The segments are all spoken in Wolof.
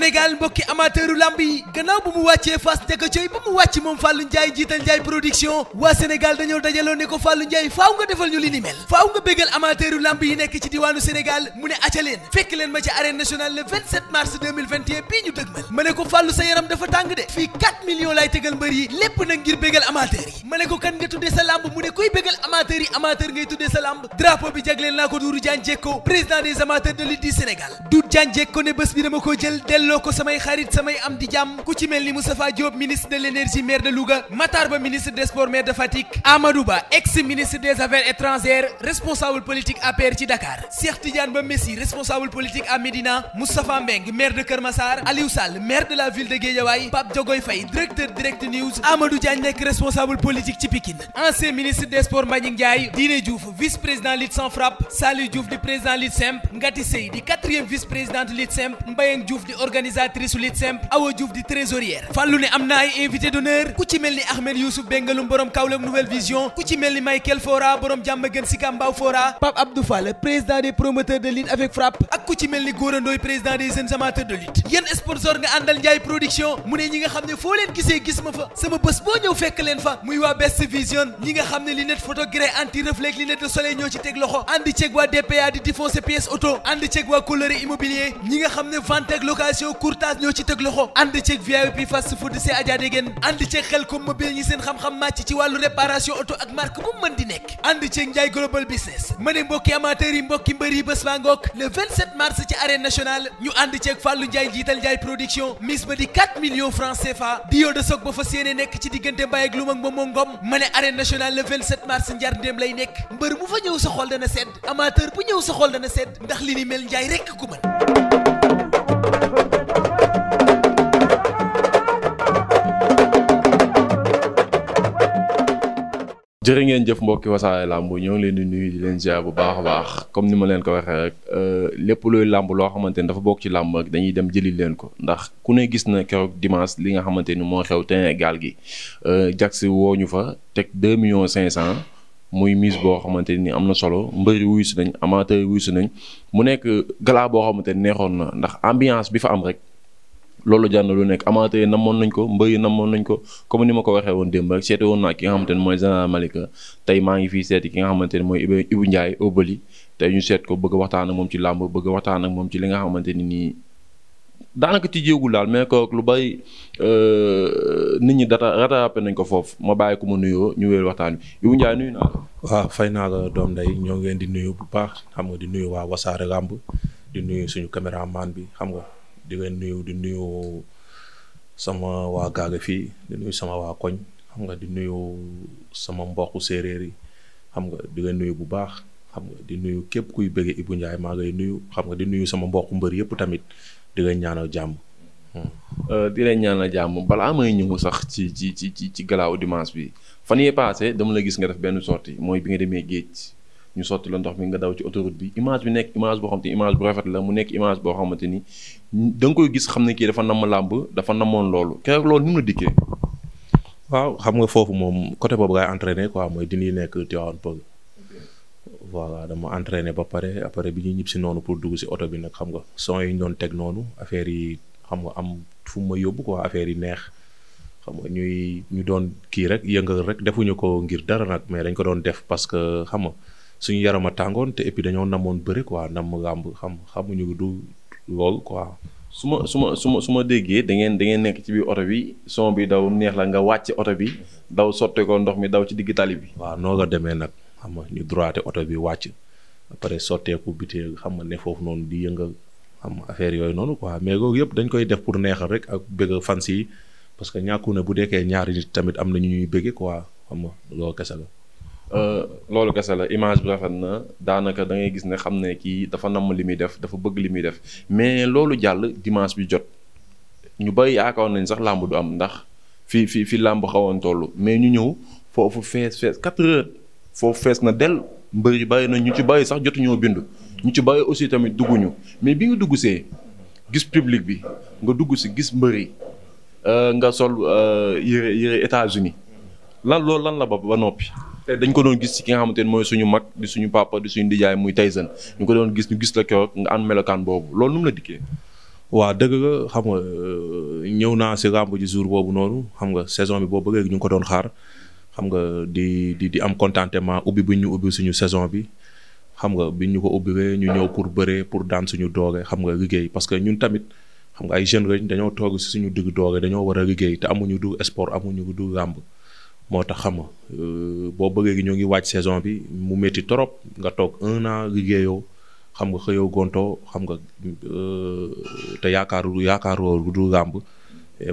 Sénégal Sénégal mbokki amateuru lamb yi gannaaw bu mu wàccee fas njëkk coy ba mu wàcc moom Fallou Ndiaye jiital Ndiaye production waa Sénégal dañoo dajaloo ne ko Fallou Ndiaye faaw nga defal ñu li ni mel faaw nga bégal amateuru lamb yi nekk ci diwaanu Sénégal mu ne aca leen fekk leen ma ci arène nationale le 27 mars 2021 bii ñu dëgmal ma ne ko Fallou sa yaram dafa tàng de fii 4 millions laay tegal mbër yi lépp nag ngir bégal amateur yi ma ne ko kan nga tuddee sa lamb mu ne kuy bégal amateur yi bi ko samay xarit samay am di jàmm ku ci mel ni Moustapha Diop ministre de l'énergie maire de Louga Matar Ba ministre des sports maire de Fatick Amadou Ba ex ministre des affaires étrangères responsable politique APR ci Dakar Cheikh Tidiane Ba Messi responsable politique à Médina Moustapha Mbeng maire de Kër Massar Aliou maire de la ville de Guédiawaye Pape Diogoy Faye directeur direct news Amadou Diagne nekk responsable politique ci Pikine ancien ministre des organisatrice Awa Diouf di trésorière fàllu ne am na ay invité d'honneur ku ci mel ni Ahmed Youssouf Bengalum borom Kaolack Nouvelle Vision ku ci mel ni Michael Fora borom Jàmmagën Sicap Mbao Fora Pape Abdou Fall président des promoteurs de lutte avec frappe ak ku ci mel ni Gora président des jeunes amateurs de lutte yéen sponsor nga àndal Ndiaye production mu ne ñi nga xam ne foo leen gisee gis fa sama bés boo ñëw fekk leen fa muy waa Best Vision ñi nga xam ne lunette courtage ñoo ci teg loxo ànd ceeg VIP fast food see Adja Degen ànd ceeg xel comme mobile ñi seen xam-xam màcc ci wàllu réparation auto ak marque bu mën di nekk ànd ceeg Ndiaye global business ma ne mbokki amateurs yi mbokki mbër yi bés baa ngoog le 27 mars ci arène nationale ñu ànd ceeg Fallou Ndiaye jiital Ndiaye production mise ba di 4 millions francs CFA dio soog ba fa séenee nekk ci diggante Mbaye ak Lum ak Momo Ngom ma ne arène nationale le 27 mars njar ndéem lay nekk sa xol dana sedd ndax li ni mel jërë ngeen jëf mbokki wasaare làmb ñoo ngi leen di nuyu di leen bu baax a baax comme ni ma leen ko waxee rek euh, lépp luy làmb loo xamante ni dafa bokk ci làmb rek dañuy dem jëli leen ko ndax ku ne gis na keroog dimanche li nga xamante ni moo xew terrain gaal gi euh, Jax woo ñu fa teg million cinq 500 muy mise boo xamante ni am na solo mbëri wuyu si nañ amateur wuyu si nañ mu nekk galaa boo xamante ni neexoon na ndax ambiance bi fa am rek. loolu jar lu nekk amateur yi namoon nañ ko mbër nam namoon nañ ko comme ni ma ko waxee woon démb rek seeti woon naa ki nga xamante ne mooy Général Malika tey maa ngi fii seeti ki nga xamante ne mooy Ibou Ndiaye Obali tey ñu seet ko bëgg waxtaan ak moom ci làmb bëgg waxtaan ak moom ci li nga xamante ni nii daanaka mais ko lu bari euh, nit ñi data rattrapé nañ ko foofu ma bàyyi ko ma nuyoo ñu wéer waxtaan bi Ibou Ndiaye nuyu naa la. waaw fay naa la doom day ñoo ngi leen di nuyu bu baax xam nga di nuyu waa Wasaare làmb di nuyu suñu caméraman bi xam nga. di leen nuyu di nuyu sama waa gaaga fii di nuyu sama waa koñ xam nga di nuyu sama mbokku séeréer yi xam nga di leen nuyu bu baax xam nga di nuyu képp kuy bëgge Ibou njaay maa ngay nuyu xam nga di nuyu sama mbokku mbër yëpp tamit di leen ñaanal jàmm. Euh, di leen ñaanal jàmm balaa may ñëw sax ci ci ci ci ci galaaw dimanche bi fan yee paase dama la gis nga def benn sortie mooy bi nga demee géej. ñu sotti la ndox mi nga daw ci autoroute bi image bi nekk image boo xam te image bu rafet la da nga koy gis xam ne kii dafa namm làmb dafa namoon loolu keroog loolu ni mu nekk Tivaouane Peulh. voilà dama entraîné ba pare après bi ñuy ñib si noonu pour dugg si oto bi nag xam nga son yi ñu doon teg noonu affaire yi xam nga am fu ma yóbbu quoi affaire yi neex. xam nga ñuy ñu doon kii rek yëngal rek defuñu ko ngir dara nag mais dañ ko doon def parce xam suñu yaram a tàngoon te et dañoo namoon bëri quoi nam làmb xam xamuñu du lool quoi. su ma su ma su ma su ma déggee da ngeen da ngeen nekk ci biir oto bi son bi daw neex la nga wàcc oto bi daw sotte ndox mi daw ci digg tali bi. waaw noo nga demee nag xam nga ñu droité oto bi wàcc après sotteeku bitee xam nga ne foofu noonu di yëngal xam nga affaire yooyu noonu quoi mais loolu yëpp dañ koy def pour neexal rek ak bëgg fans yi parce que ñàkku ne bu dekkee ñaari nit tamit am na ñu ñuy bëgge quoi xam nga loolu kese la. Euh, loolu kese la image bi rafet na daanaka da ngay gis ne xam ne kii dafa namm li muy def dafa bëgg li muy def mais loolu jàll dimanche bi jot ñu bari yaakaar nañ sax làmb du am ndax fi fi fi làmb xawoon toll mais ñu ñëw foofu fees fees quatre heures foofu fees na dell mbër yi bari nañ ñu ci bari sax jotuñoo bindu ñu ci bari aussi tamit dugguñu mais bi nga dugg see gis public bi nga dugg si gis mbëri yi euh, nga sol euh, yére yére États-Unis lan loolu lan la ba ba noppi. te eh, dañ ko doon gis ci ki nga xamante mooy suñu mag di suñu papa di suñu nijaay muy Tyson ñu ko doon gis ñu gis la keroog nga am melokaan boobu loolu nu mu la dikkee. waaw dëgg nga xam nga euh, ñëw naa si làmb ji jour boobu noonu xam nga saison bi boo bëggee ñu ngi ko doon xaar xam nga di di di am contentement ubbi bu ñu ubbi suñu saison bi. xam nga bi ñu ko obligé ñu ñëw pour bëree pour daan suñu doole xam nga liggéey parce que ñun tamit xam nga ay jeune lañ dañoo toog si suñu digg doole dañoo war a liggéey te amuñu du sport amuñu du làmb moo tax xam nga euh, boo bëggee ñoo ngi waaj saison bi mu métti trop nga toog un an liggéeyoo xam nga xëyoo gontoo xam nga euh, te yaakaaru yaakaaroo lu dul làmb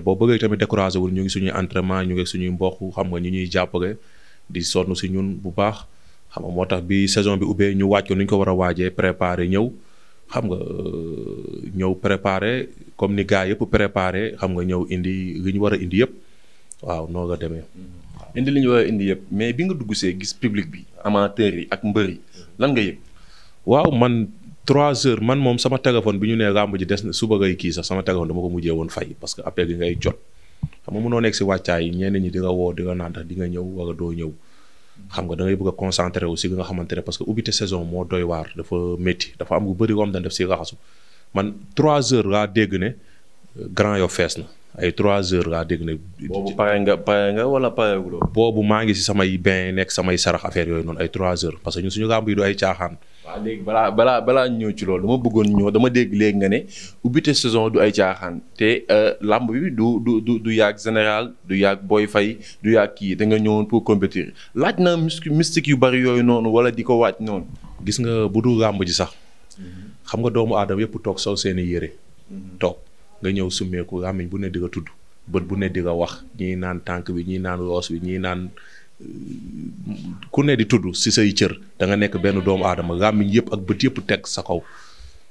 boo bëggee tamit découragé wul ñu ngi suñuy entraînement ñu ngi suñuy mbokk xam nga ñu ñuy jàppale di sonnu si ñun bu baax xam nga moo tax bi saison bi ubbee ñu waaj ko ni ñu ko war a waajee préparer ñëw xam nga euh, ñëw préparé comme ni gars yëpp préparer xam nga ñëw indi li ñu war a indi yëpp waaw noo nga demee. Mm-hmm. indi li ñu war indi yëpp mais bi nga dugg see gis public bi amateur yi ak mbër yi lan nga yëg. waaw man trois heures man moom sama téléphone bi ñu nee làmb ji des na suba ngay kii sax sama téléphone dama ko mujjee woon fay parce que appel yi ngay jot xam nga mënoo nekk si wàccaay yi ñenn ñi di nga di nga di nga ñëw wala doo ñëw. xam nga da ngay bëgg a concentré nga xamante ne que ubbite saison moo doy waar dafa métti dafa am lu bëri yoo xam ne def si raxasu man trois heures laa dégg ne Grand Yoff fees na. ay trois heures laa dégg ne. boobu pare nga pare nga wala pareeguloo. boobu maa ngi si samay bain nekk samay sarax affaire yooyu noonu ay trois heures parce que ñun suñu gàmb yi du ay caaxaan. waaw léegi balaa balaa balaa ñëw ci loolu dama bëggoon ñëw dama dégg léegi nga ne ubbite saison du ay caaxaan te euh, làmb bi du du du du yàgg général du yàgg booy fay du yàgg kii da nga ñëwoon pour compétir laaj na mystique yu bari yooyu noonu wala di ko waaj noonu. gis nga bu du làmb ji sax. Mhm. xam nga doomu aadama yëpp toog sol seeni yére. Mhm. toog. nga ñëw summeeku làmmiñ bu ne di nga tudd bët bu ne di nga wax ñii naan tànk bi ñii naan roos bi ñii naan euh, ku ne di tudd si say cër da nga nekk benn doomu aadama làmmiñ yëpp ak bët yëpp teg sa kaw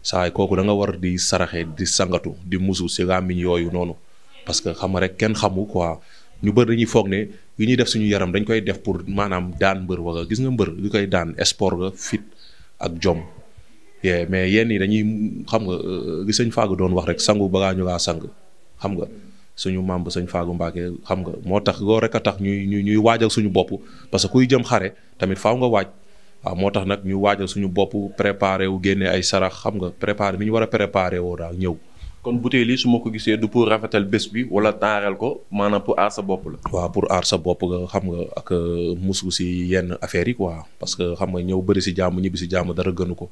saay kooku da nga war di saraxe di sangatu di musu si làmmiñ yooyu noonu parce que xam rek kenn xamu quoi ñu bëri dañuy foog ne li ñuy def suñu yaram dañ koy def pour maanaam daan mbër a gis nga mbër li koy daan sport ga fit ak jom yee mais yenn yi dañuy xam nga gi euh, euh, sëñ faagu doon wax rek sangu ba ñu laa sang xam nga suñu maam ba sëñ faagu Mbàkke xam nga moo tax loo rek a tax ñuy ñuy ñuy waajal suñu bopp parce que kuy jëm xare tamit faaw nga waaj waaw moo tax nag ñu waajal suñu bopp préparé wu génne ay sarax xam nga préparé ni ñu war a préparé woo daal ñëw. kon butéel yi su ma ko gisee du pour rafetal bés bi wala taaral ko maanaam pour aar sa bopp la. waaw pour aar sa bopp nga xam nga ak euh, musu si yenn affaires yi quoi parce que xam nga ñëw bëri si jàmm ñibbi si jàmm dara gënu ko.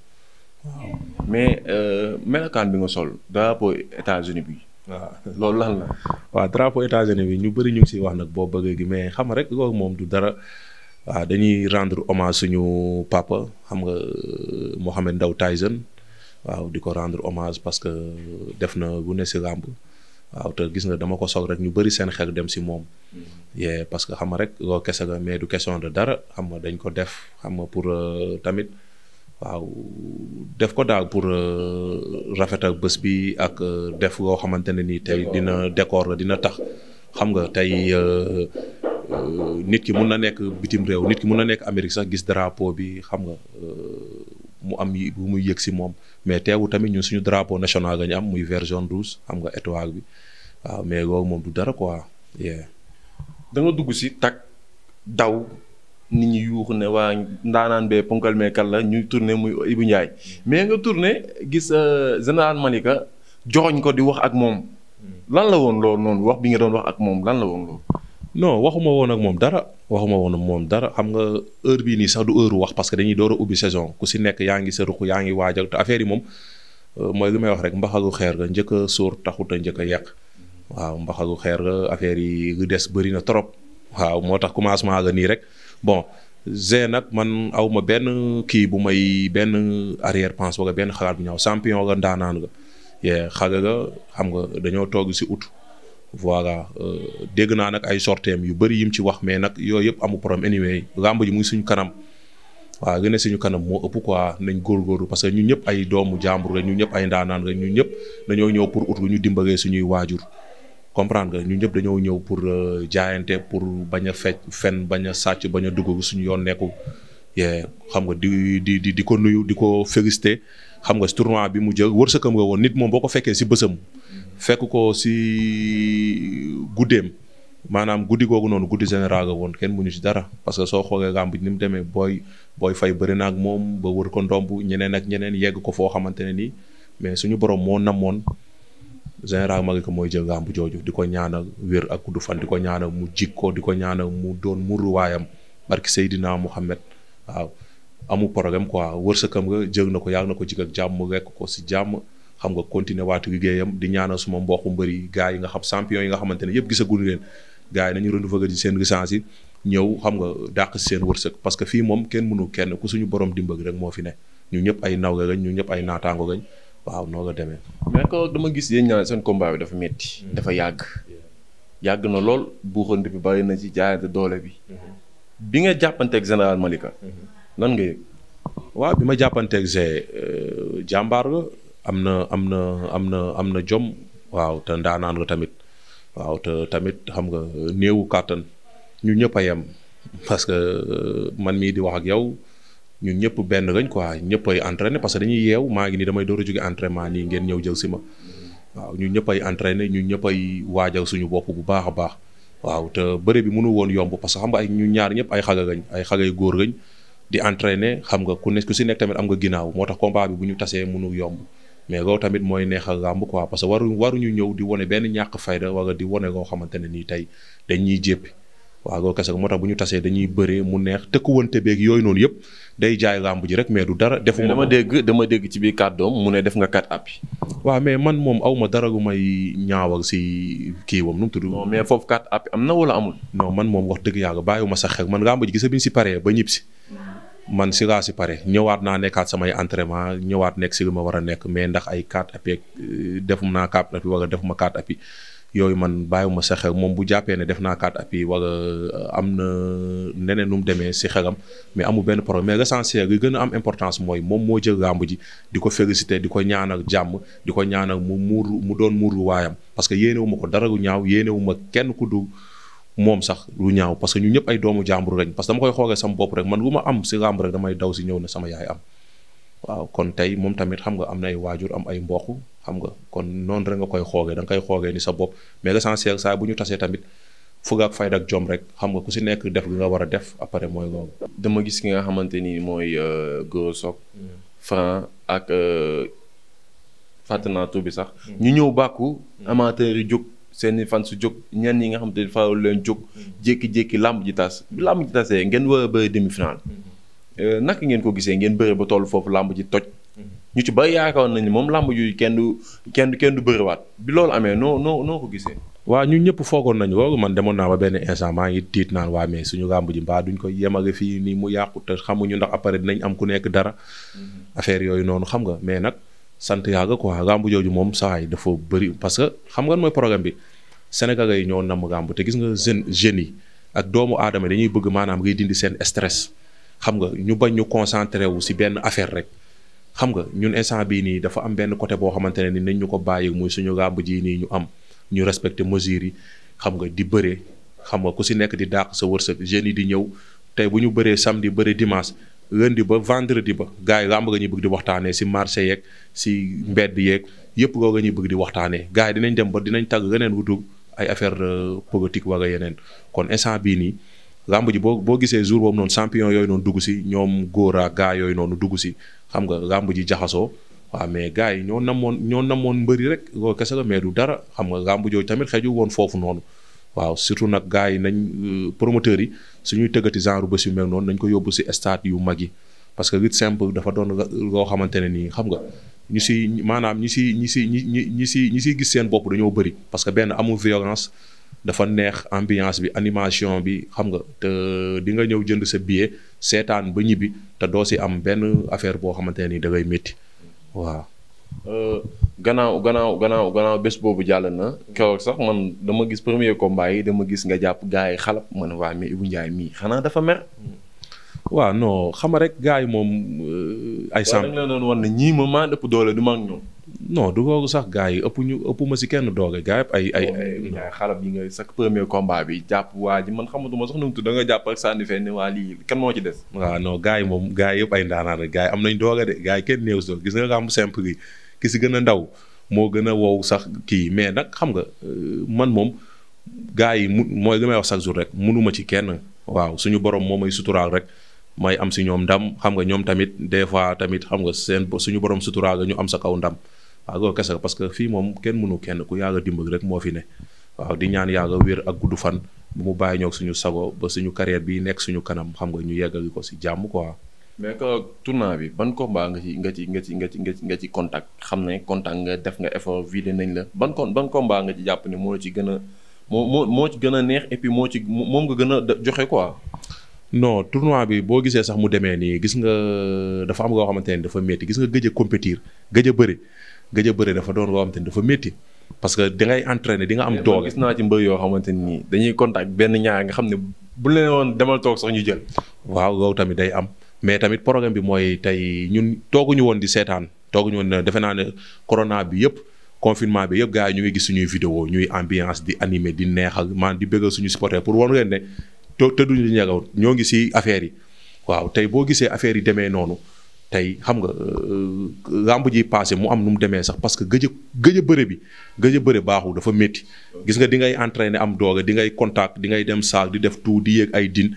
mais euh, melokaan bi nga sol drapeau États-Unis bi. waaw loolu lan la. waaw drapeau États-Unis bi ñu bëri ñu ngi siy wax nag boo bëggee gi mais xam rek kooku moom du dara. waaw dañuy rendre hommage suñu papa xam nga moo euh, Mohamed Ndao Tyson waaw di ko rendre hommage parce que euh, def na gune ne si làmb waaw te gis nga dama ko soog rek ñu bëri seen xel dem si moom. Mm-hmm. yee parce que xam nga rek loo kese la mais du question de dara xam nga dañ ko def xam nga pour tamit. waaw def ko daal pour euh, rafetal bés bi ak euh, def loo xamante ne nii tey dina décor la dina tax xam nga tey euh, nit ki mun na nekk bitim réew nit ki mun na nekk Amérique sax gis drapeau bi xam nga mu am yi bu muy yëg si moom mais teewu tamit ñu suñu drapeau national la am muy vert jaune rouge xam nga étoile bi waaw mais loolu moom du dara quoi. da nga dugg si tak daw. nit ñi yuuxu ne waa ndaanaan bee ponkal mee kan la ñuy tourné muy Ibou Ndiaye mais nga tourne gis sa euh, général Malika joxoñ ko di wax ak moom lan la woon loolu noonu wax bi nga doon wax ak moom lan la woon loolu. non waxuma woon ak moom dara waxuma woon ak moom dara xam nga heure bii nii sax du heure wax parce que dañuy door a ubbi saison ku si nekk yaa ngi sa ruq yaa ngi waajal te affaire yi moom euh, mooy li may wax rek mbaxalu xeer ga njëkk soor sóor taxut a njëkk a yàq waaw mbaxalu xeer ga affaire yi lu des bëri na trop waaw moo tax commencement ga nii rek. bon Zé nag man aw ma benn kii bu may benn arrière pensée wala benn xalaat bu ñaaw champion nga ndaanaan nga yee xale nga xam nga dañoo toog si ut voilà euh, dégg naa nag ay sorteem yu bëri yim ci wax mais nag yooyu yëpp amu problème anyway làmb ji mu ngi suñu kanam waa gën a suñu kanam moo ëpp quoi nañ góorgóorlu parce que ñun ñëpp ay doomu jàmbur la ñun ñëpp ay ndaanaan la ñu ñëpp dañoo ñëw pour ut lu ñu dimbalee suñuy waajur comprendre nga ñu ñëpp dañoo ñëw pour euh, jaayante pour bañ a fecc fen bañ a sàcc bañ a dugg suñu yoon nekku xam nga di di di di ko nuyu di ko félicité xam nga si tournoi bi mu jël wërsëkam nga woon nit moom boo ko fekkee si bësam fekk ko si guddeem maanaam guddi googu noonu guddi général nga woon kenn mënu si dara parce que soo xoolee làmb ni mu demee booy booy fay bëri na ak moom ba wër ko ndomb ñeneen ak ñeneen yegg ko foo xamante ne nii mais suñu borom moo namoon général Malika mooy jël bu jooju di ko ñaana wér a gudd fan di ko ñaanal mu ko di ko ñaana mu doon muruwaayam barki Seydina Mohamed waaw amul problème quoi wërsëkam nga jël na ko yàlla na ko jik ak jàmm rekk ko si jàmm xam nga continuer waatu liggéeyam di ñaana suma mbokku mbëri gars yi nga xam champion yi nga xamante ne yëpp gisaguñu leen gars yi nañu renouveler di seen licence yi ñëw xam nga dàq si seen wërsëg parce que fii moom kenn mënu kenn ku suñu borom dimbali rek moo fi ne ñu ñëpp ay nawle lañ ñu ñëpp ay naataango lañ waaw noonu la demee. mais ko dama gis yéen ñaar seen combat bi dafa metti mm-hmm. dafa yàgg. yàgg na lool buuxante bi bari na ci jaayante doole bi. Mm-hmm. bi nga jàppanteeg général Malika. Mm-hmm. nan nga yëg. waaw bi ma jàppanteeg Zé euh, jàmbaar am na am na am na am na jom. waaw tamit. waaw te tamit xam nga néewu kàttan ñu ñëpp a yem parce que euh, man mii di wax ak yow. ñun ñëpp benn lañ quoi ñëpp ay entraîné que dañuy yeew maa ngi ni damay door a jóge entraînement nii ngeen ñëw jël si ma waaw ñun ñëpp ay entraîné ñun ñëpp ay waajal suñu bopp bu baax a baax waaw te bëre bi mënu woon yomb parce que xam nga ay ñu ñaar ñëpp ay xale lañ ay xale góor lañ di entraîné xam nga ku ne si nekk tamit am nga ginnaaw moo tax combat bi bu ñu tasee mënu yomb mais loolu tamit mooy neexal làmb quoi parce que waru waruñu ñëw di wone benn ñàkk fayda wala di wone loo xamante ne nii tey dañ ñuy jéppi waaw loolu kese moo tax bu ñu tasee dañuy bëree mu neex tëkkuwante beeg yooyu noonu yëpp day jaay làmb ji rek mais du dara. defuma dama dégg dama dégg ci biir kàddoom mu ne def nga kat appi. waaw mais man moom aw ma dara gu may ñaawal si kii wam nu mu tudd. mais foofu kat na wala amul. non man moom wax dëgg yàlla bàyyiwuma sax xel man làmb ji gis biñ si paree ba ñib si. man si laa si pare ñëwaat naa nekkaat samay entraînement ñëwaat nekk si lu ma war a nekk mais ndax ay kat appi euh, defum naa kat appi wala defuma kat appi. yooyu man bàyyiwuma sa xel moom bu jàppee ne def naa quatre appuis wala euh, am na neneen nu mu demee si xelam mais amul benn problème mais l'essentiel li gën a am importance mooy moom moo jël làmb ji di ko féliciter di ko ñaanal jàmm di ko ñaanal mu muur mu doon muur waayam parce que yéenewuma ko dara lu ñaaw yéenewuma kenn ku du moom sax lu ñaaw parce que ñu ñëpp ay doomu jàmbur lañ parce dama koy xoolee sama bopp rek man lu ma am si làmb rek damay daw si ñëw na sama yaay am waaw kon tey moom tamit xam nga am na ay waajur am ay mbokk xam nga kon noonu rek nga koy xoogee da nga koy xoogee ni sa bopp mais l'essentiel saa bu ñu tasee tamit fuga ak fay ak jom rek xam nga ku si nekk def li nga war a def après mooy loolu. dama gis ki nga xamante nii mooy euh, Goro Sock. Hmm. ak euh, fàtte naa tur bi sax. Hmm. ñu ñëw bàkku hmm. amateur yi jóg seen i fan su jóg ñenn yi nga xamante ni faral leen jóg. jékki-jékki làmb ji tas bi làmb ji tasee ngeen war a bëri demi Euh, naka ngeen ko gisee ngeen bëri ba toll foofu làmb ji toj. Mm-hmm. ñu ci ba yaakaar nañ moom làmb ji kenn du kenn du kenn du bëriwaat bi loolu amee noo noo noo ko gisee. waaw ñu ñëpp foogoon nañu loolu man demoon naa ba benn instant maa ngi tiit naan waa mais suñu làmb ji mbaa duñ ko yemale fii nii mu xamuñu ndax après dinañ am ku nekk dara. Mm-hmm. affaire yooyu noonu xam nga mais nag sant yàlla quoi làmb jooju moom saa yi dafa bëri parce que xam nga mooy programme bi sénégalais yi ñoo namm làmb te gis nga jeunes jeunes yi ak doomu aadama dañuy bëgg maanaam ngay dindi seen stress. xam nga ñu bañ ñu concentré wu si benn affaire rek xam nga ñun instant bii nii dafa am benn côté boo xamante ne ni nañ ñu ko bàyyi muy suñu gàmb ji nii ñu am ñu respecté mesures xam nga di bëree xam nga ku si nekk di dàq sa wërsëg jeunes yi di ñëw tey bu ñu bëree samedi bëree dimanche lundi ba vendredi ba gars yi làmb nga ñuy bëgg di waxtaanee si marché yeeg si mbedd yeeg yëpp loo nga ñuy bëgg di waxtaanee gars yi dinañ dem ba dinañ tàgg leneen wu dul ay affaire euh, politique wala yeneen kon nii. làmb ji boo boo gisee jour boobu noonu champion yooyu noonu dugg si ñoom góor a gaa yooyu noonu dugg si xam nga làmb ji jaxasoo waaw mais gars yi ñoo namoon ñoo namoon mbëri rek loolu kese la mais du dara xam nga làmb tamit xeju woon foofu noonu waaw surtout nag gars yi nañ euh, promoteurs yi suñuy tëggati genre bés yu mel noonu nañ ko yóbbu si stade yu mag yi parce que lutte simple dafa doon loo xamante ne nii xam ñu si maanaam ñi si ñi si ñi ñi ñi si ñi siy gis seen bopp dañoo bëri parce que benn amul violence dafa neex ambiance bi animation bi xam nga te di nga ñëw jënd sa billet seetaan ba ñibbi te doo si am benn affaire boo xamante ne ni da ngay waaw. Euh, gannaaw gannaaw gannaaw gannaaw bés boobu jàll na keroog sax man dama gis premier combat yi dama gis nga jàpp gars yi xalab man waa mais Ibou Ndiaye mii xanaa dafa mer. waaw non xama rek gars yi moom. Euh, ay sàmm waaw da leen doon wan ne ñii ma maa ëpp doole du ma ak ñoom. non du googu sax gars yi ëpp ñu ëpp ma si kenn dooge gaa yëpp ay ay ay xalab yi nga sa premier combat bi jàpp waa ji man xamatuma sax nu mu da nga jàpp ak sànni fenn waa lii kan moo ci des waaw non yi moom gars yi yëpp ay ndaanaan rek am nañ dooga de gars yi kenn néew si doog gis nga nga ki si gën a ndaw moo gën a wow sax kii mais nag xam nga euh, man moom gars yi mu mooy li may wax chaque jour rek mënuma ci kenn waaw suñu borom moo may suturaal rek may am si ñoom ndam xam nga ñoom tamit des fois tamit xam nga seen suñu borom suturaa nga ñu am sa kaw ndam waaw loolu kese parce que fii moom kenn mënu kenn ku yàgg a rek moo fi ne waaw di ñaan yàgg wér ak gudd fan mu bàyyi ñoog suñu sago ba suñu carrière bi nekk suñu kanam xam nga ñu yeggali ko si jàmm quoi. mais que tournoi bi ban combat nga ci nga ci nga ci nga nga ci contact xam ne contact nga def nga effort vidé nañ la ban kon ban combat jàpp ne moo ci gën a moo moo ci gën a neex et puis moo ci moom nga gën a joxe quoi. non tournoi bi boo gisee sax mu demee nii gis nga dafa am loo xamante ne dafa métti gis nga gëj a compétir a bëri gëj a bëri dafa doon loo xamante ni dafa métti parce que da ngay entraîner di nga am doole gis naa ci mbër yoo xamante ni dañuy contact benn ñaar nga xam ne bu leen woon demal toog sax ñu jël. waaw loolu tamit day am mais tamit programme bi mooy tey ñun tooguñu woon di seetaan tooguñu woon defe naa ne corona bi yëpp. confinement bi yëpp gars yi ñu ngi gis suñuy video ñuy ambiance di animé di neexal man di bëggal suñu supporter pour won leen te di ñagaw ñoo ngi si affaire yi waaw tey boo gisee affaire yi demee noonu tey xam nga euh, làmb ji passé mu am nu mu demee sax parce que gëj gëj a bëre bi gëj a bëre baaxul dafa métti gis nga di ngay entraîner am doole di ngay contact di ngay dem saal di def tout di yéeg ay din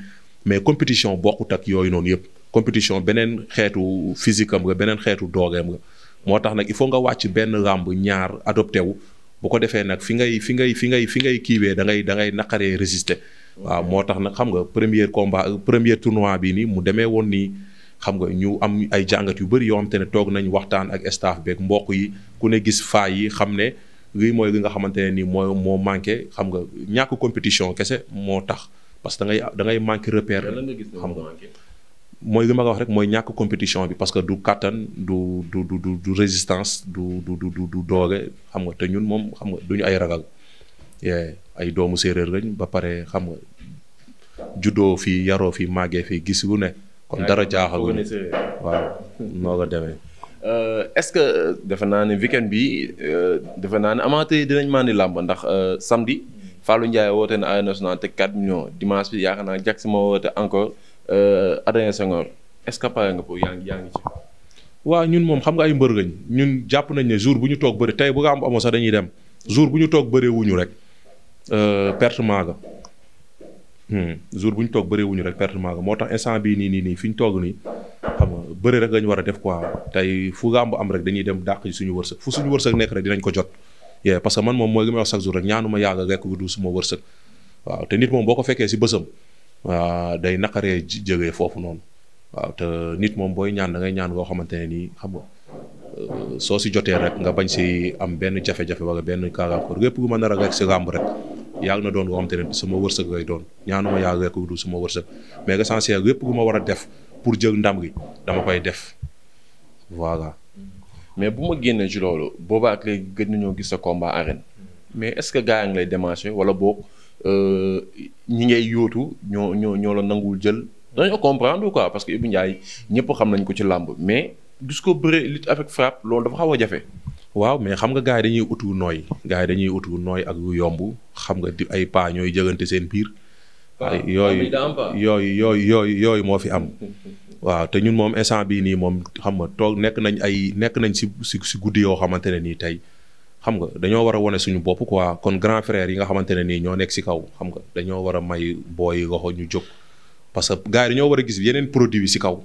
mais compétition bokkut ak yooyu noonu yëpp compétition beneen xeetu physique am nga beneen xeetu dooleem nga moo tax nag il faut nga wàcc benn làmb ñaar adopté wu bu ko defee nag fi ngay fi ngay fi ngay fi ngay kiiwee da ngay da ngay naqaree résister waaw moo tax nag xam nga premier combat premier tournoi bi nii mu demee woon nii xam nga ñu am ay jàngat yu bëri yoo xam te ne toog nañu waxtaan ak staff beek mbokk yi ku ne gis faay yi xam ne lii mooy li nga xamante ne nii mooy moo manqué xam nga ñàkk compétition kese moo tax parce que da ngay da ngay manqué repère xam nga mooy li ma wax rek mooy ñàkk compétition bi parce que du kàttan du du du du résistance du du du du doole xam nga te ñun moom xam nga duñu ay ragal ay doomu séeréer lañ ba pare xam nga juddoo fii yaroo fii màggee fii gis wu ne. kon dara jaaxaguñu waaw noo ko demee. Euh, est-ce que defe naa ne weekend bi euh, defe naa ne amateur yi dinañ màndi làmb ndax euh, samedi. Fallou Ndiaye woote na Arène Nationale te 4 millions dimanche bi yaakaar naa Jax moo woote encore Adrien Senghor est-ce que pare nga pour yaa ngi yaa ngi ci. waaw ñun moom xam nga ay mbër lañ ñun jàpp nañ ne jour bu ñu toog bëri tey bu nga am amoo sax dañuy dem jour bu ñu toog bëree rek. Euh, pertement ga hmm. jour bu ñu toog bëree rek pertement ga moo tax instant bii nii nii fi ñu toog nii xam nga bëri rek la ñu war a def quoi tey fu gàmb am rek dañuy dem dàq ji suñu wërsëg fu suñu wërsëg nekk rek dinañ ko jot. yee parce que man moom mooy li may wax chaque jour rek ñaanuma yàgg rekk du suma wërsëg waaw te nit moom boo ko fekkee si bësam waaw day naqaree jógee foofu noonu te nit moom booy ñaan da ngay ñaan xamante ne nii xam nga euh, soo si jotee rek nga bañ si am benn jafe-jafe wala benn kàllaankoor lépp lu ma nar a rek si làmb rek. yàgg na doon boo xam te ne wërsëg lay doon ñaanuma yàgg rek du sama wërsëg mais essentiel lépp gu ma war a def pour jël ndam gi dama koy def voilà. mais bu ma génnee ci loolu boobaa ak léegi gën nañoo gis sa combat arène mais est-ce que gaa ngi lay démarché wala boog euh, ñu ngay yóotu ñoo ñoo ñoo la nanguwul jël dañoo comprendre ko parce que Ibou Ndiaye ñëpp xam nañ ko ci làmb mais gis ko bëre lutte avec frappe loolu dafa xaw a jafe. waaw mais xam nga gaa yi dañuy utu nooy gars yi dañuy utu nooy ak yu yomb xam nga di ay paa ñooy jëgante seen biir. yooyu yooyu yooyu yooyu yooyu moo fi am. waaw te ñun moom instant bii nii moom xam nga toog nekk nañ ay nekk nañ si si si guddi yoo xamante ne nii tey. xam nga dañoo war a wane suñu bopp quoi kon grand frère yi nga xamante ne nii ñoo nekk si kaw xam nga dañoo war may booy yi ñu jóg parce que gars yi dañoo war a gis yeneen produit yi si kaw.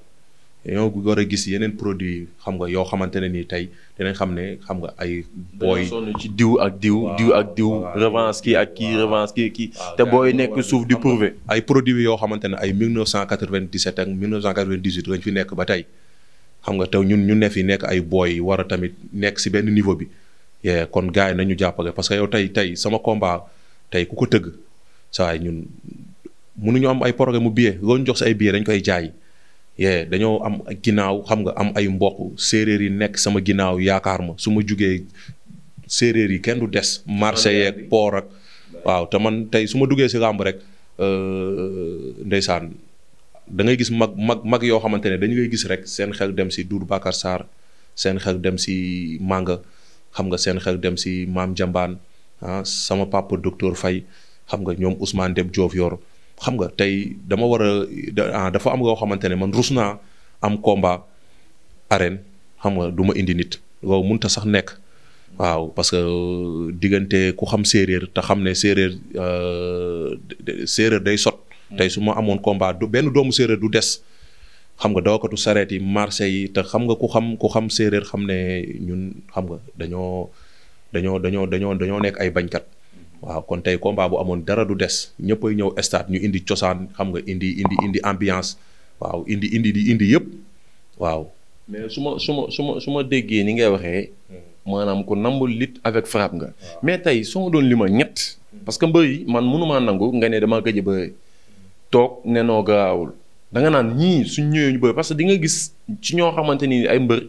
dañoo war a gis yeneen produit xam nga yoo xamante ne nii tey dinañ xam ne xam nga ay. booy ci diw ak diw. diw ak diw revanche kii ak kii revanche kii kii. te booy nekk suuf di prouver. ay produits yoo xamante ne ay 1997 ak 1998 lañ fi nekk ba tey xam nga te ñun ñu ne fi nekk ay booy war a tamit nekk si benn niveau bi. Yeah, kon gars yi nañu jàppale parce que yow tey tey sama combat tey ku ko tëgg saa ñun mënuñu am ay programme mu billet ñu jox si ay billet koy jaay. yee dañoo am ginnaaw xam nga am ay mbokk séeréer yi nekk sama ginnaaw yaakaar ma su ma jugee séeréer yi kenn du des marché yeeg port ak waaw te man tey su ma duggee si làmb rek euh, ndeysaan da ngay gis mag mag mag yoo xamante ne dañu ngay gis rek seen xel dem si duur Bakar Sarr seen xel dem si Manga xam nga seen xel dem si Maam Jambaan ah sama papa docteur fay xam nga ñoom Ousmane dem Diouf yor xam nga tey dama war a ah, dafa am loo xamante ne man rus naa am combat arène xam nga du ma indi nit loolu mënut a sax nekk. waaw parce que euh, diggante ku xam séeréer te xam ne séeréer euh, séeréer day sot. tey su ma amoon combat du benn doomu séeréer du des. xam nga dawakatu sareet yi marché yi te xam nga ku xam ku xam séeréer xam ne ñun xam nga dañoo dañoo dañoo dañoo dañoo nekk ay bañkat. waaw kon tey combat bu amoon dara du des ñëppay ñëw stade ñu indi cosaan xam nga indi indi indi ambiance waaw indi indi di indi yëpp waaw. mais su ma su ma su ma su ma déggee ni ngay waxee. maanaam ko nambul lit avec frappe nga. mais tey soo doon lima ñett. parce que mbër yi man mënumaa nangu nga ne dama gëj a bëre toog ne noo gaawul da nga naan ñii suñ ñëwee ñu ba parce que di nga gis ci ñoo xamante ni ay mbër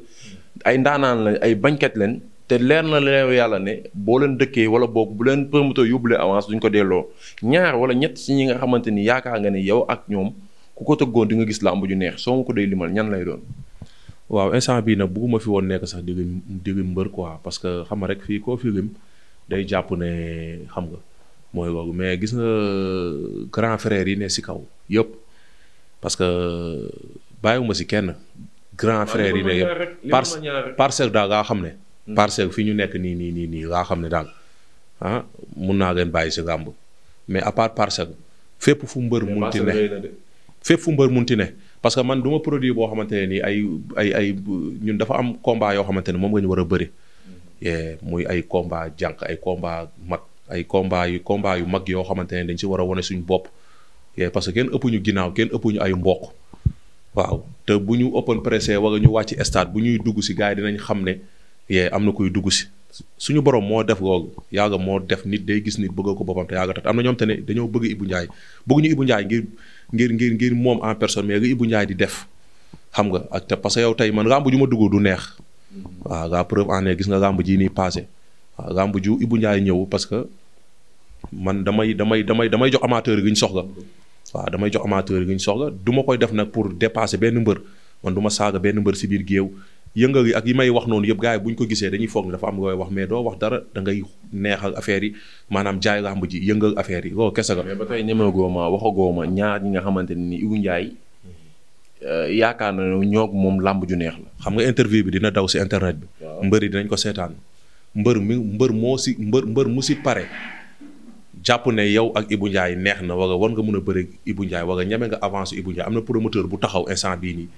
ay ndaanaan la ay bañkat leen te leer na leen yàlla ne boo leen dëkkee wala boog bu leen promoteur yóbbulee avance duñ ko delloo ñaar wala ñett si ñi nga xamante ni yaakaar nga ne yow ak ñoom ku ko tëggoon di nga gis làmb ju neex soo ma ko dee limal ñan lay doon. waaw instant bii nag bugguma fi woon nekk sax digg digg mbër quoi parce que xam nga rek fii koo fi lim day jàpp ne xam nga mooy loolu mais gis nga grand frère yi ne si kaw yëpp parce que bàyyiwuma si kenn. grand frère yi ne yëpp parcelle daa ngaa xam ne. Mm. parcelle fi ñu nekk nii nii nii nii laa xam ne daal ah mun naa leen bàyyi si làmb mais à part parcelle fépp fu mbër munti ne fépp fu mbër munti ne parce que man du ma produit boo xamante ne nii ay ay ñun dafa am combat yoo xamante ne moom la ñu war a bëri mm-hmm. muy ay combat jànq ay combat mag ay combat yu combat yu mag yoo xamante ne dañ si war a wane suñu bopp parce que kenn ëpp ñu ginnaaw kenn ëpp ñu ay mboq waaw te bu ñu open pressé wala ñu wàcc stade bu ñuy dugg si gars yi dinañ xam ne yee am na koy dugg si suñu borom moo def googu yaaga moo def nit day gis nit bëgg ko boppam te yaaga tax am na ñoom te ne dañoo bëgg Ibou Ndiaye bëgguñu Ibou Ndiaye ngir ngir ngir ngir moom en personne mais li Ibou di def xam nga ak te parce yow tey man ràmb ju ma dugg du neex waaw gis nga ràmb ji nii passé waaw ju Ibou Ndiaye ñëw parce que man damay damay damay damay jox amateur gi ñu soxla waaw damay jox amateur ñu soxla du ma koy def nag pour dépasser benn mbër man duma saaga benn mbër si biir géew yëngal yi ak yi may wax noonu yëpp gars yi bu ñu ko gisee dañuy foog ni dafa am looy wax mais doo wax dara da ngay neexal affaire yi maanaam jaay làmb ji yëngal affaire yi loolu kese la. mais ba tey ñemewoo ma ma ñaar ñi nga xamante ne ni Ibou Ndiaye euh, yaakaar na ne ñoo moom làmb ju neex la. xam nga interview bi dina daw si internet bi. mbër yi dinañ ko seetaan mbër mi mbër moo si mbër mbër mu si pare. jàpp ne yow ak Ibou Ndiaye neex na wala war nga mun a bëre Ibou Ndiaye wala ñeme nga avance Ibou Ndiaye am na promoteur bu taxaw instant bii nii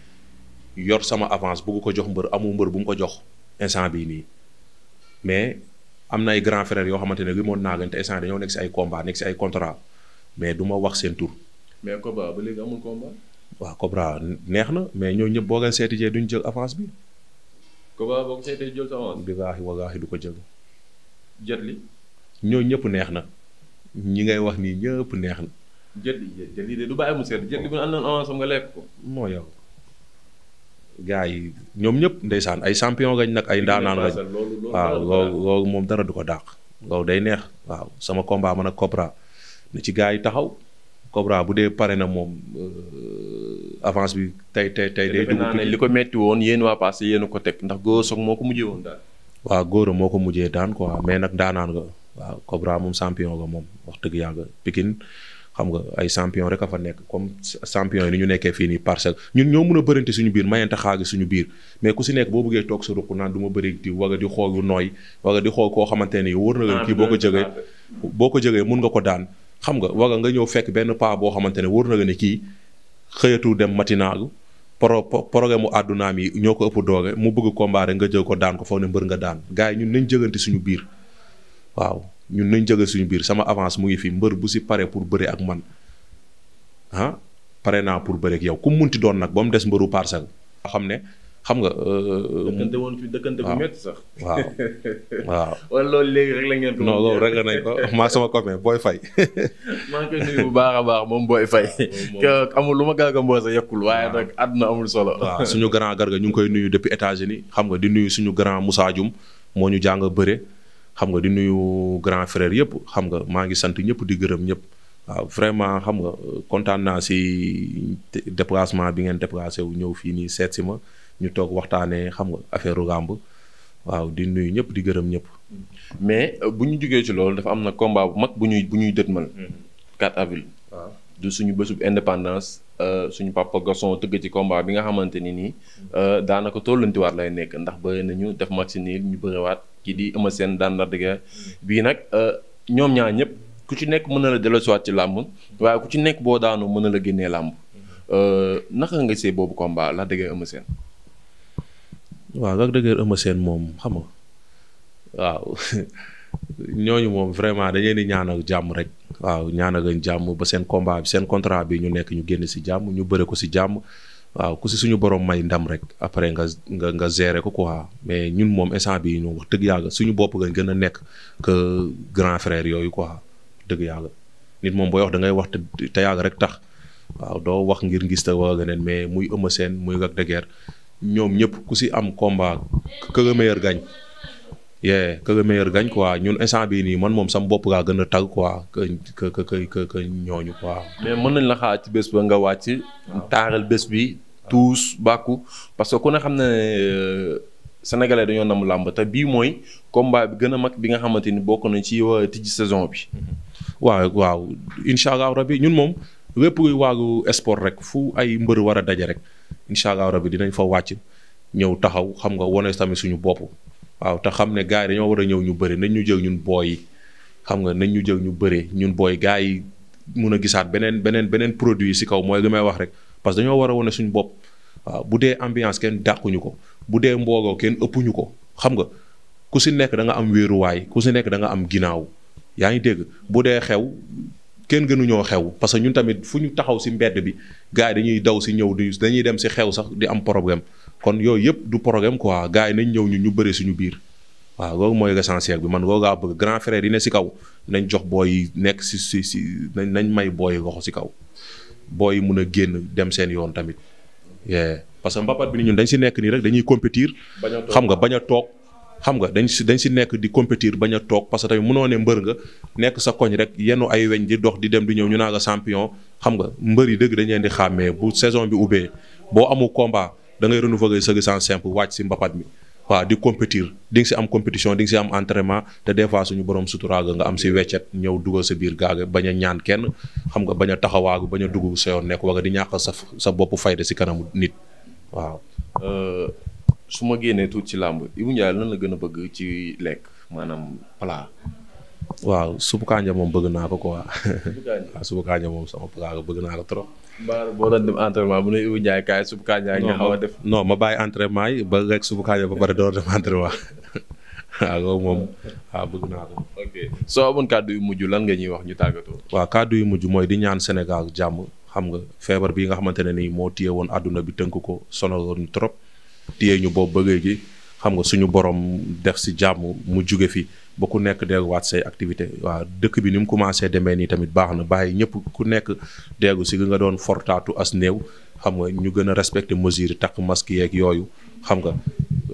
yor sama avance buggu ko jox mbër amu mbër bu mu ko jox instant bii nii mais am na ay grand frère yoo xamante ne bii moom naa gën te instant dañoo nekk si ay combat mais du ma wax seen tur. mais Cobra ba léegi amul waaw Cobra neex na mais ñoo ñëpp boo seeti jee duñ jël avance bi. Cobra boo ko seetee jël du ko jël. li. ñoo ñëpp neex na ñi ngay wax nii ñëpp neex na. jël li jël li de du mu seet jël li bu ñu àndoon avance am nga lekk ko. moo yow. gars yi ñoom ñëpp ndeysaan ay champion gañ nag ay ndaanaan lañ waaw moom dara du ko dàq loolu day neex waaw sama combat man ak Cobra ni ci gars yi taxaw Cobra bu dee pare na moom euh, avance bi tey tey tey day dugg li ko metti woon yéen waa paase yéen ko teg ndax góor soog moo ko mujjee woon daal waaw góor moo ko mujjee daan quoi mais nag ndaanaan nga waaw Cobra moom champion nga moom wax dëgg yàlla Pikine xam nga ay champion rek a fa nekk comme champion yi ni ñu nekkee fii nii parcelle ñun ñoo mun a bërante suñu biir mayante xaagi suñu biir mais ku si nekk boo bëggee toog sa ruq naan du ma bëri di waga di xool yu nooy waga di xool koo xamante ne wóor na leen kii boo ko jëgee boo ko jëgee mun nga ko daan xam nga waga nga ñëw fekk benn paa boo xamante ne wóor na leen kii xëyatu dem matinalu pro programme mu àddunaam yi ñoo ko ëpp doole mu bëgg combat nga jël ko daan ko foog ne mbër nga daan gars yi ñun nañ jëgante suñu biir waaw ñun nañ jóge suñu biir sama avance mu ngi fi mbër bu si pare pour bëre ak man ah pare naa pour bëre ak yow ku mun ti doon nag ba mu des mbëru parcelle xam ne xam nga. Euh, euh, dëkkante woon ci dëkkante bu métti sax. waaw waaw. wala loolu léegi rek la ngeen. non loolu rek la nañ ko maa sama copain Boy Faye. maa ngi koy nuyu bu baax a baax moom amul lu ma garga mboose yekkul waaye nag àdduna amul solo. waaw suñu grand garga ñu ngi koy nuyu depuis États-Unis xam nga di nuyu suñu grand Moussa Dioum moo ñu jàng bëre. xam nga di nuyu grand frère yëpp xam nga maa ngi sant ñëpp di gërëm ñëpp waaw vraiment xam nga kontaan naa si déplacement bi ngeen déplacé wu ñëw fii nii seetsi ma ñu toog waxtaanee xam nga affaire ràmb waaw di nuyu ñëpp di gërëm ñëpp. mais bu ñu jógee ci loolu dafa am na combat bu mag bu ñuy bu ñuy dëtmal. 4 mm-hmm. du suñu bësu indépendance euh, suñu papa Gasson tëgg ci combat bi nga xamante ni nii euh, daanaka tollantiwaat lay nekk ndax bëri nañu def match nii ñu bëriwaat kii di Eumeu seen daan Lac de bii nag euh, ñoom ñaar ñëpp ku ci nekk mën na la delloosiwaat ci làmb waaye ku ci nekk boo daanu mën na la génnee làmb naka nga see boobu combat la de Guiers Eumeu Sène. waaw Lac de Guiers moom xam waaw. ñooñu moom vraiment dañ leen di ñaanal jàmm rek waaw ñaana leen jàmm ba seen combat bi seen contrat bi ñu nekk ñu génn si jàmm ñu bëre ko si jàmm waaw ku si suñu borom may ndam rek après nga nga nga gérer ko quoi mais ñun moom instant bi ñu wax dëgg yàlla suñu bopp nga gën a nekk que grand frère yooyu quoi dëgg yàlla nit moom booy wax da ngay wax te te yàlla rek tax waaw doo wax ngir ngis te wala leneen mais muy Eumeu Sène muy Lac de Guiers ñoom ñëpp ku si am combat que le meilleur yee que le meilleur gagne quoi ñun instant bii nii man moom sama bopp laa gën a tag quoi que que que que que ñooñu quoi. mais mën nañ la xaar ci bés ba nga wàcc. taaral bés bi. tuus bàkku parce que ku ne xam ne euh, sénégalais dañoo nam làmb te bii mooy combat bi gën a mag bi nga xamante ni bokk nañ ci euh, tijji saison bi. Mm-hmm. waaw waaw incha allah rabi ñun moom lépp luy waagu sport rek fu ay mbër war a daje rek incha allah bi dinañ fa wàcc ñëw taxaw xam nga wane tamit suñu bopp. waaw te xam ne gaa yi dañoo war a ñëw ñu bëri nañ ñu jël ñun booy xam nga nañ ñu jël ñu bëri ñun booy gars yi mun a gisaat beneen beneen beneen produit si kaw mooy li may wax rek parce que dañoo war a wane suñu bopp bu dee ambiance kenn dàquñu ko bu dee mbooloo kenn ëppuñu ko xam nga ku si nekk da nga am wéeruwaay ku si nekk da nga am ginnaaw yaa ngi dégg bu dee xew kenn gënu gënuñoo xew parce que ñun tamit fu ñu taxaw si mbedd bi gars yi dañuy daw si ñëw di dañuy dem si xew sax di am problème kon yooyu yëpp du problème quoi gars yi nañ ñëw ñu ñu bëre suñu biir waaw loolu mooy l'essentiel bi man loolu laa bëgg grand frère yi ne si kaw nañ jox booy nekk si si si nañ nañ may booy loxo si kaw booy mun a génn dem seen yoon tamit. parce que mbapat bi ni ñun dañ si nekk nii rek dañuy compétir. xam nga bañ a toog. xam nga dañ si dañ si nekk di compétir bañ a toog parce que tamit mënoo ne mbër nga nekk sa koñ rek yenn ay weñ di dox di dem di ñëw ñu naa nga champion xam nga mbër yi dëgg dañ leen di xàmmee bu saison bi ubbee boo amul combat. da ngay renouveler sa licence simple wàcc si mbapat mi waaw di compétir di nga si am compétition di si am entraînement te des fois suñu borom suturaaga nga am si weccet ñëw dugal sa biir gaaga bañ a ñaan kenn xam nga bañ a taxawaagu bañ a dugg sa yoon nekk wala di ñàkk sa sa bopp fayda si kanamu nit waaw. Euh, su ma génnee tuuti ci làmb Ibou Ndiaye lan la gën a bëgg ci lekk maanaam plat. waaw supu kanja moom bëgg naa ko ko waaw supu kanja moom sama plat bëgg naa ko trop. Mbacar boo doon dem entraînement bu nuy Ibou Ndiaye kaay suuf kaay nga xaw a def. non ma bàyyi entraînement yi ba rek suuf kaay ba pare door dem entraînement waaw loolu moom waaw bëgg naa ko. soo amoon kàddu yu mujj lan nga ñuy wax ñu tàggatoo. waa kàddu yu mujj mooy di ñaan Sénégal jàmm xam nga feebar bi nga xamante ne nii moo téye woon àdduna bi tënk ko sonaloon ñu trop téye ñu boobu ba léegi xam nga suñu borom def si jàmm mu juge fi. ba ku nekk dégg waat say activité waa dëkk bi ni mu commencé demee nii tamit baax na bàyyi ñëpp ku nekk déggu si nga doon fortaatu as néew xam nga ñu gën a respecté mesure takk masque yeeg yooyu xam nga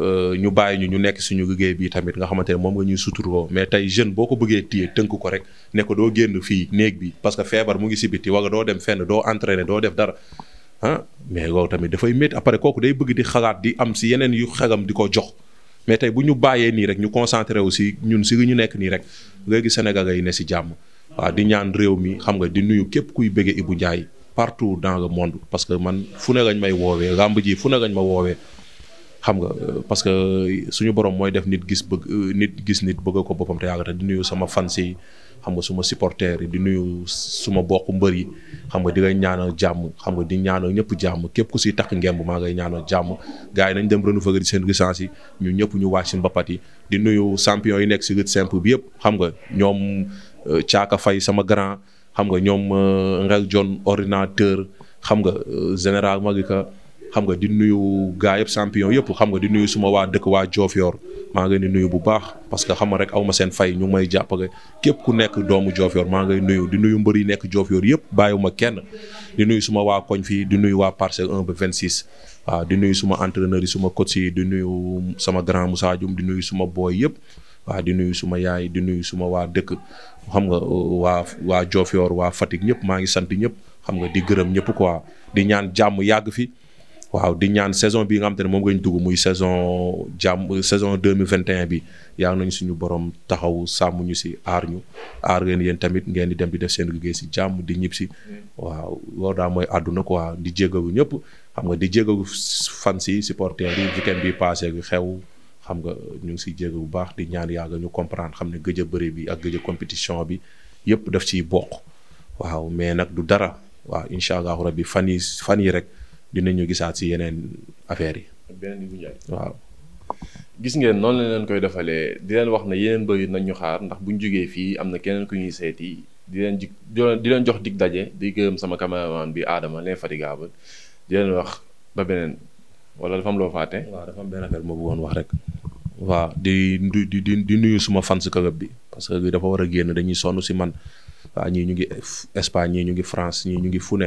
euh, ñu bàyyi ñu ñu nekk suñu liggéey bii tamit nga xamante ne moom nga ñuy suturoo mais tey jeune boo ko bëggee téye tënk ko rek ne ko doo génn fii néeg bi parce que feebar mu ngi si biti wala doo dem fenn doo entraîner doo def dara ah mais loolu tamit dafay métti après kooku day bëgg di xalaat di am si yeneen yu xelam di ko jox mais tey bu ñu bàyyee nii rek ñu concentré aussi ñun si lu ñu nekk nii rek léegi Sénégalais yi ne si jàmm waaw di ñaan réew mi xam nga di nuyu képp kuy bëggee Ibou Ndiaye partout dans le monde parce que man fu ne lañ may woowee làmb ji fu ne lañ ma woowee xam nga parce que suñu borom mooy def nit gis bëgg nit gis nit bëgg ko boppam te yàgg te di nuyu sama fan yi xam nga suma supporters yi di nuyu suma bokk mbër yi xam nga di ngay ñaanal jàmm xam nga di ñaanal ñëpp jàmm képp ku siy takk ngemb maa ngay ñaanal jàmm gars yi nañ dem renouveler di seen licence yi ñun ñëpp ñu wàcc si mbapat yi di nuyu champion yi nekk si lutte simple bi yëpp xam nga ñoom caaka euh, fay sama grand xam nga ñoom euh, ngel John ordinateur xam nga euh, général Malika xam nga di nuyu gaa yëpp champion yëpp xam nga di nuyu suma waa dëkk waa Diofior maa ngi di nuyu bu baax parce que xam nga rek aw ma seen fay ñu ngi jàppale képp ku nekk doomu Diofior maa ngay nuyu di nuyu mbër yi nekk Diofior yëpp bàyyiwuma kenn di nuyu suma waa koñ fii di waa parcelle 1 ba 26 waaw di nuyu suma entraîneur yi suma di nuyu sama grand Moussa Dioum di nuyu suma booy yëpp waaw di nuyu suma yaay di nuyu suma waa dëkk xam nga uh, waa waa Diofior waa Fatick ñëpp maa ngi sant ñëpp xam nga di gërëm ñëpp quoi di ñaan jàmm yàgg fi waaw di ñaan saison bi nga xam te ne moom nga ñu dugg muy saison jàmm saison deux mille vingt bi yaa nañ suñu borom taxaw sàmm ñu si aar ñu aar ngeen yéen tamit ngeen di dem di def seen liggéey si jàmm di ñib si. waaw loolu daa mooy àdduna quoi di jégalu ñëpp xam nga di jégalu fans yi supporters yi weekend bi xew. xam ñu ngi siy jéego bu baax di ñaan yàgg ñu comprendre xam ne gëj a bëre bi ak gëj compétition bi yëpp def ciy bokk waaw mais nag du dara waaw incha allahu bi fan yi fan yi rek dinañu gisaat si yeneen affaires yi. beneen Ibou waaw. gis ngeen noonu la leen koy defalee di leen wax na yeneen bëri nañ ñu xaar ndax bu ñu jógee fii am na keneen ku ñuy seeti di leen di di leen jox dig daje di gërëm sama caméraman bi Adama l'infatigable di leen wax ba beneen wala dafa am loo fàtte. waaw dafa am benn affaire ma bëggoon wax rek. waaw di di di di nuyu suma fans club bi parce que dafa war a génn dañuy sonn si man waa ñii ñu ngi Espagne ñii ñu ngi France ñii ñu ngi fu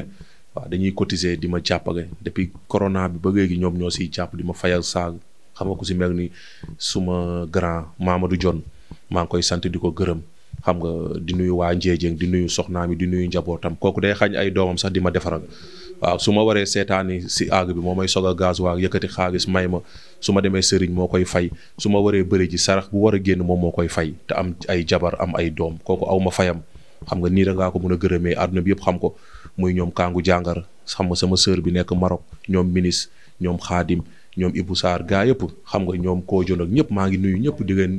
waaw dañuy cotiser di ma jàppale depuis corona bi ba léegi ñoom ñoo siy jàpp di ma fay fayal saag xam nga ku si mel ni suma grand du John maa ngi koy sant di ko gërëm xam nga di nuyu waa Ndiédiène di nuyu soxnaam yi di nuyu njabootam kooku day xañ ay doomam sax di ma defaral waaw su ma waree seetaani si aag bi moo may soog a gaz waa yëkkati xaalis may ma su ma demee sëriñ moo koy fay su ma waree bëri ji sarax bu war a génn moom moo koy fay te am ay jabar am ay doom kooku aw ma fayam. xam nga nii da ngaa ko mun a gërëmee àdduna bi yëpp xam ko muy ñoom Kangou Jàngar xam nga sama sœur bi nekk Maroc ñoom ministre ñoom Xaadim ñoom Ibou Sarr gaa yëpp xam nga ñoom Kojo nag ñëpp maa ngi nuyu ñëpp di ngeen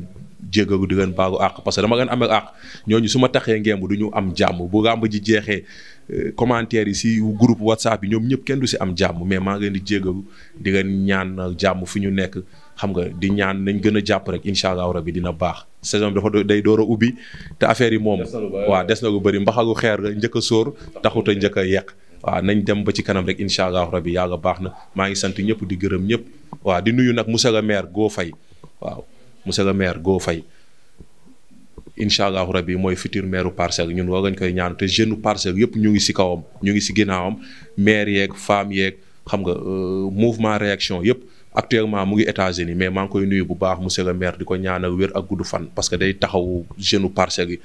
jéggagu di ngeen baagu àq parce que dama ngeen amee àq ñooñu su ma taxee ngemb du ñu am jàmm bu gàmb ji jeexee euh, commentaire yi si groupe WhatsApp yi ñoom ñëpp kenn du si am jàmm mais maa ngeen di jéggagu di ngeen ñaan jàmm fu ñu nekk xam nga di ñaan nañ gën a jàpp rek incha allah rabi dina baax saison bi dafa day door a ubbi te affaire yi moom waa des na lu bëri mbaxalu xeer nga njëkk a sóor taxut a njëkk a yeq waaw nañ dem ba ci kanam rek incha allahu rabi yàlla baax na maa ngi sant ñëpp di gërëm ñëpp waa di nuyu nag monsieur le maire goo Faye waaw monsieur le maire Go Faye incha allahu rabi mooy futur maire parcelle ñun loolu lañ koy ñaan te jeune parcelle yëpp ñu ngi si kawam ñu ngi si ginnaawam maire yeeg femme yeeg xam nga euh, mouvement réaction yëpp actuellement mu ngi États-Unis mais maa ngi koy nuyu bu baax monsieur le maire di ko ñaanal wér ak gudd fan parce que day taxaw jeune Parcelles yi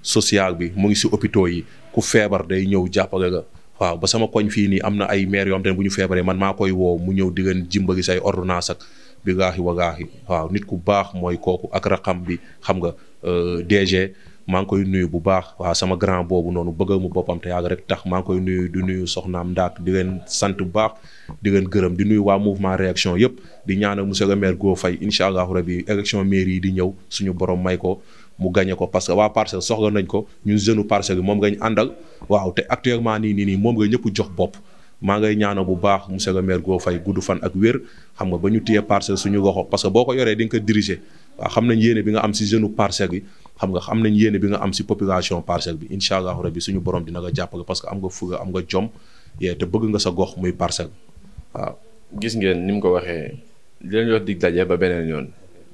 social bi mu ngi si hôpitaux yi ku feebar day ñëw jàppale la waaw ba sama koñ fii nii am na ay maire yoo xam te bu ñu feebaree man maa koy woo mu ñëw di leen jimbali say ordonnance ak bi gaaxi wa gaaxi waaw nit ku baax mooy kooku ak raxam bi xam nga euh, DG maa ngi koy nuyu bu baax waa sama grand boobu noonu bëgg mu boppam te yàgg rek tax maa ngi koy nuyu di nuyu soxnaam ndaak di leen sant bu baax di leen gërëm di nuyu waa mouvement réction yëpp di ñaanal monsieur le maire Go Faye incha allahu rabi élection mairie yi di ñëw suñu borom may ko mu gagné ko parce que waa parcelle soxla nañ ko ñun jeune parcelle moom nga ñu àndal waaw te actuellement nii nii nii moom nga ñëpp jox bopp. maa ngay ñaanal bu baax monsieur le maire Go Faye gudd fan ak wér xam nga ba ñu téye parcelle suñu loxo parce que boo ko yoree di nga ko diriger waaw xam nañ yéene bi nga am si jeune parcelle bi xam nga xam nañ yéene bi nga am si population parcelle bi incha allah bi suñu borom dina nga jàppale parce que am nga fuga am nga jom yee te bëgg nga sa gox muy parcelle waaw. gis ngeen ni mu ko waxee di leen jox dig daje ba beneen yoon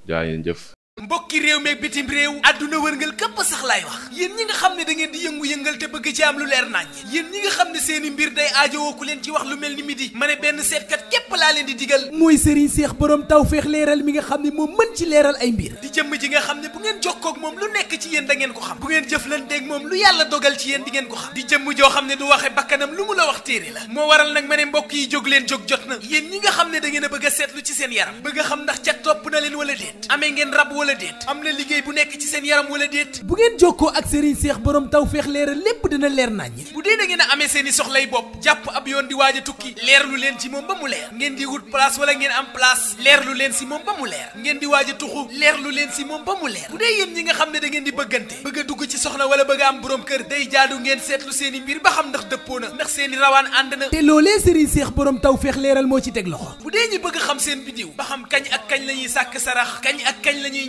jaa jëf. mbokki réew meeg bitim réew adduna wërngal këpp sax laay wax yen ñi nga xam ne da ngeen di yëngu-yëngal te bëgg ci am lu leer nañ yéen ñi nga xam ne seeni mbir day aajowoo leen ci wax lu mel ni midi ma ne benn seetkat képp laa leen di digal mooy Serigne Seex taw feex leeral mi nga xam ne moom mën ci leeral ay mbir di jëmm ji nga xam ne bu ngeen jokkoo ak moom lu nekk ci da ngeen ko xam bu ngeen jëflanteeg moom lu yàlla dogal ci yéen di ngeen ko xam di joo xam ne du waxe bakkanam lu mu la wax téere la moo waral nag ma ne mbokk yi jóg leen jóg jot na yéen ñi nga xam ne da ngeen bëgg a seetlu ci seen yaram bëgg a xam ndax ca topp na leen wala déet amee ngeen rab wala am na liggéey bu nekk ci seen yaram wala déet bu ngeen jokkoo ak Serigne Seex borom taw tawfeex leeral lépp dina leer naññ bu dee da ngeen a amee seen i soxlay bopp jàpp ab yoon di waaj a tukki leer leen ci moom ba mu leer ngeen di wut place wala ngeen am place leer lu leen si moom ba mu leer ngeen di waaja a tuxu leer lu leen si moom ba mu leer bu dee yéen ñi nga xam ne da ngeen di bëggante bëgg a dugg ci soxna wala bëgg a am borom kër day jaadu ngeen seetlu seen i mbir ba xam ndax dëppoo na ndax seen i rawaan ànd na te loolee Serigne Seex borom leeral moo ci teg loxo dee bëgg xam seen bidiw ba xam kañ ak kañ la ñuy sàkk sarax kañ ak kañ la ñuy